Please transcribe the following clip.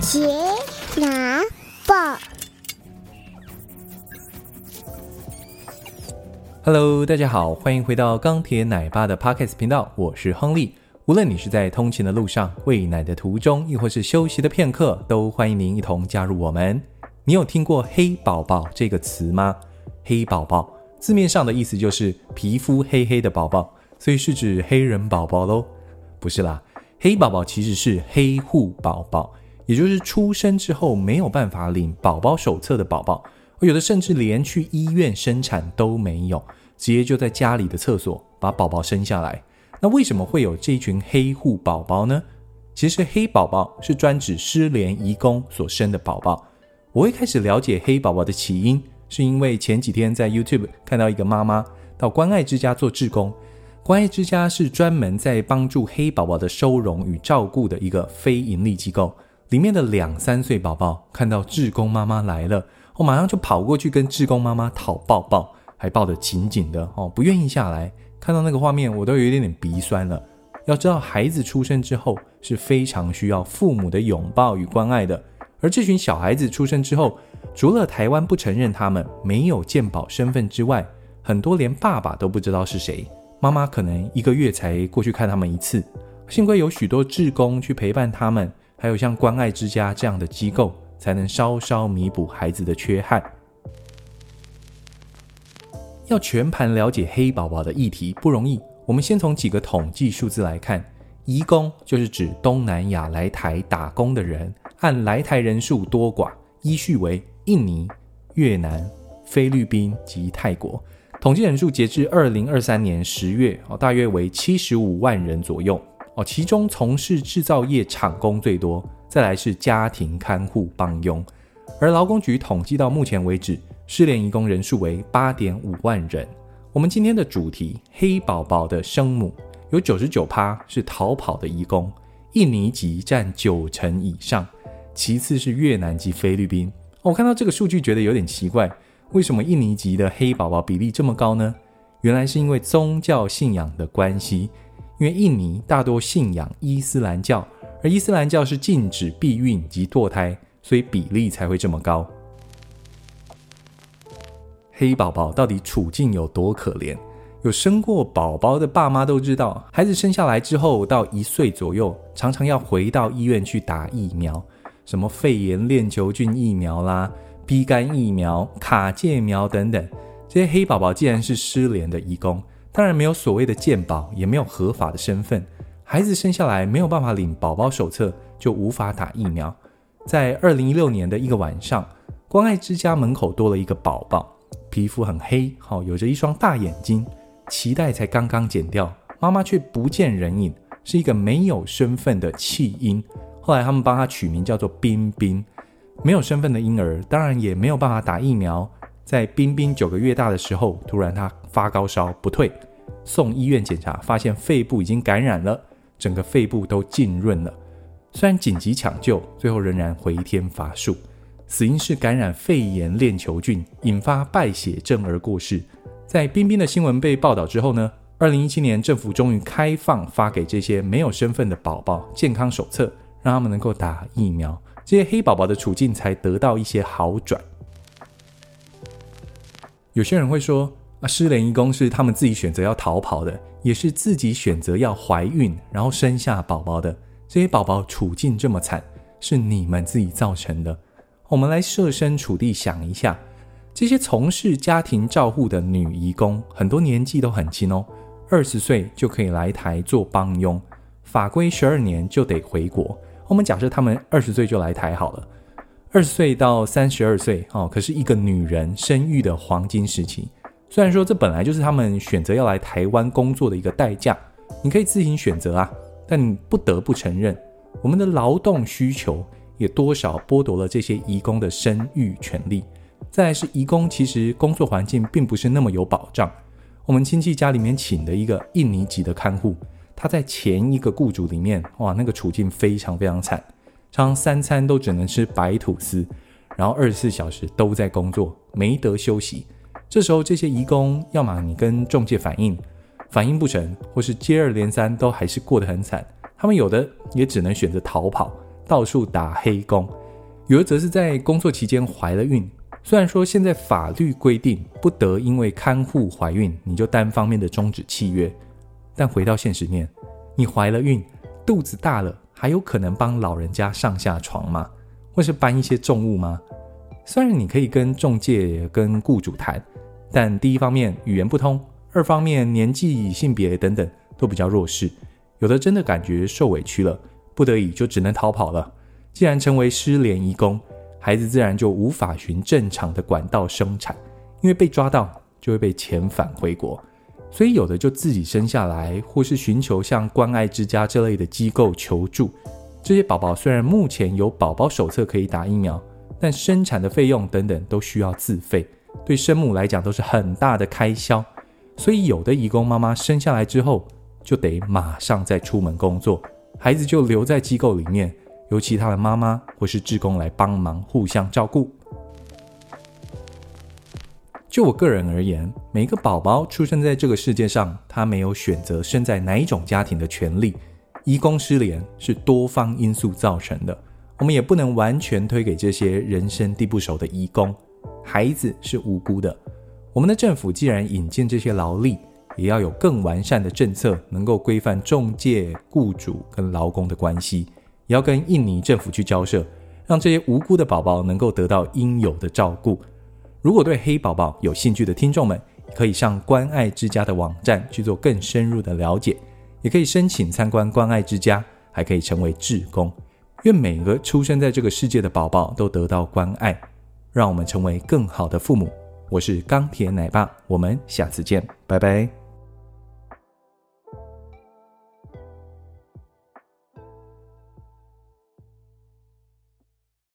杰拿報，Hello，大家好，歡迎回到鋼鐵奶爸的 Podcast 頻道，我是亨利。無論你是在通勤的路上、餵奶的途中，亦或是休息的片刻，都歡迎您一同加入我們。你有聽過“黑寶寶”這個詞嗎？“黑寶寶”字面上的意思就是皮膚黑黑的寶寶，所以是指黑人寶寶嘍？不是啦，黑寶寶其實是黑戶寶寶。也就是出生之後沒有辦法領寶寶手冊的寶寶，有的甚至連去醫院生產都沒有，直接就在家裡的廁所把寶寶生下來。那為什麼會有這一群黑戶寶寶呢？其實黑寶寶是專指失聯移工所生的寶寶。我會開始了解黑寶寶的起因，是因為前幾天在 YouTube 看到一個媽媽到關愛之家做志工，關愛之家是專門在幫助黑寶寶的收容與照顧的一個非營利機構。裡面的兩三歲寶寶看到志工媽媽來了，我、哦、馬上就跑過去跟志工媽媽討抱抱，還抱得緊緊的哦，不願意下來。看到那個畫面，我都有一點點鼻酸了。要知道，孩子出生之後是非常需要父母的擁抱與關愛的。而這群小孩子出生之後，除了台灣不承認他們沒有健保身份之外，很多連爸爸都不知道是誰，媽媽可能一個月才過去看他們一次。幸虧有許多志工去陪伴他們。還有像關愛之家這樣的機構，才能稍稍彌補孩子的缺憾。要全盤了解黑寶寶的議題不容易，我們先從幾個統計數字來看。移工就是指東南亞來台打工的人，按來台人數多寡，依序為印尼、越南、菲律賓及泰國。統計人數截至二零二三年十月，哦，大約為七十五萬人左右。其中從事製造業廠工最多，再來是家庭看護幫傭。而勞工局統計到目前為止，失聯移工人數為八點五萬人。我們今天的主題，黑寶寶的生母有九十九趴是逃跑的移工，印尼籍占九成以上，其次是越南籍、菲律賓。哦，我看到這個數據覺得有點奇怪，為什麼印尼籍的黑寶寶比例這麼高呢？原來是因為宗教信仰的關係。因為印尼大多信仰伊斯蘭教，而伊斯蘭教是禁止避孕及墮胎，所以比例才會這麼高。黑寶寶到底處境有多可憐？有生過寶寶的爸媽都知道，孩子生下來之後到一歲左右，常常要回到醫院去打疫苗，什麼肺炎鏈球菌疫苗啦、B 肝疫苗、卡介苗等等。這些黑寶寶既然是失聯的移工。當然沒有所謂的健保，也沒有合法的身份。孩子生下來沒有辦法領寶寶手冊，就無法打疫苗。在二零一六年的一個晚上，關愛之家門口多了一個寶寶，皮膚很黑，有着一雙大眼睛，臍帶才剛剛剪掉，媽媽卻不見人影，是一個沒有身份的棄嬰。後來他們幫他取名叫做彬彬。沒有身份的嬰兒，當然也沒有辦法打疫苗。在冰冰九個月大的時候，突然她發高燒不退，送醫院檢查，發現肺部已經感染了，整個肺部都浸潤了。雖然緊急搶救，最後仍然回天乏術，死因是感染肺炎鏈球菌引發敗血症而過世。在冰冰的新聞被報道之後呢，二零一七年政府終於開放發給這些沒有身份的寶寶健康手冊，讓他們能夠打疫苗，這些黑寶寶的處境才得到一些好轉。有些人會說，啊失聯移工是他們自己選擇要逃跑的，也是自己選擇要懷孕，然後生下寶寶的。這些寶寶處境這麼慘，是你們自己造成的。我們來設身處地想一下，這些從事家庭照護的女移工，很多年紀都很輕哦，二十歲就可以來台做幫傭，法規十二年就得回國。我們假設他們二十歲就來台好了。二十歲到三十二歲，哦，可是一個女人生育的黃金時期。雖然說這本來就是他們選擇要來台灣工作的一個代價，你可以自行選擇啊，但你不得不承認，我們的勞動需求也多少剝奪了這些移工的生育權利。再來是移工，其實工作環境並不是那麼有保障。我們親戚家裡面請的一個印尼籍的看護，他在前一個雇主裡面，哇，那個處境非常非常慘。常，常三餐都只能吃白吐司，然後二十四小時都在工作，沒得休息。這時候這些移工，要嘛你跟仲介反映，反映不成，或是接二連三都還是過得很慘。他們有的也只能選擇逃跑，到處打黑工；有的則是在工作期間懷了孕。雖然說現在法律規定不得因為看護懷孕你就單方面的終止契約，但回到現實面，你懷了孕，肚子大了。還有可能幫老人家上下床嗎？或是搬一些重物嗎？雖然你可以跟仲介、跟雇主談，但第一方面語言不通，二方面年紀、性別等等都比較弱勢，有的真的感覺受委屈了，不得已就只能逃跑了。既然成為失聯移工，孩子自然就無法循正常的管道生產，因為被抓到就會被遣返回國。所以有的就自己生下來，或是尋求像關愛之家這類的機構求助。這些寶寶雖然目前有寶寶手冊可以打疫苗，但生產的費用等等都需要自費，對生母來講都是很大的開銷。所以有的移工媽媽生下來之後，就得馬上再出門工作，孩子就留在機構裡面，由其他的媽媽或是志工來幫忙互相照顧。就我個人而言，每一個寶寶出生在這個世界上，他沒有選擇生在哪一種家庭的權利。移工失聯是多方因素造成的，我們也不能完全推給這些人生地不熟的移工。孩子是無辜的，我們的政府既然引進這些勞力，也要有更完善的政策，能夠規範仲介、雇主跟勞工的關係，也要跟印尼政府去交涉，讓這些無辜的寶寶能夠得到應有的照顧。如果對黑寶寶有興趣的聽眾們，可以上關愛之家的網站去做更深入的了解，也可以申請參觀關愛之家，還可以成為志工。願每個出生在這個世界的寶寶都得到關愛，讓我們成為更好的父母。我是鋼鐵奶爸，我們下次見，拜拜。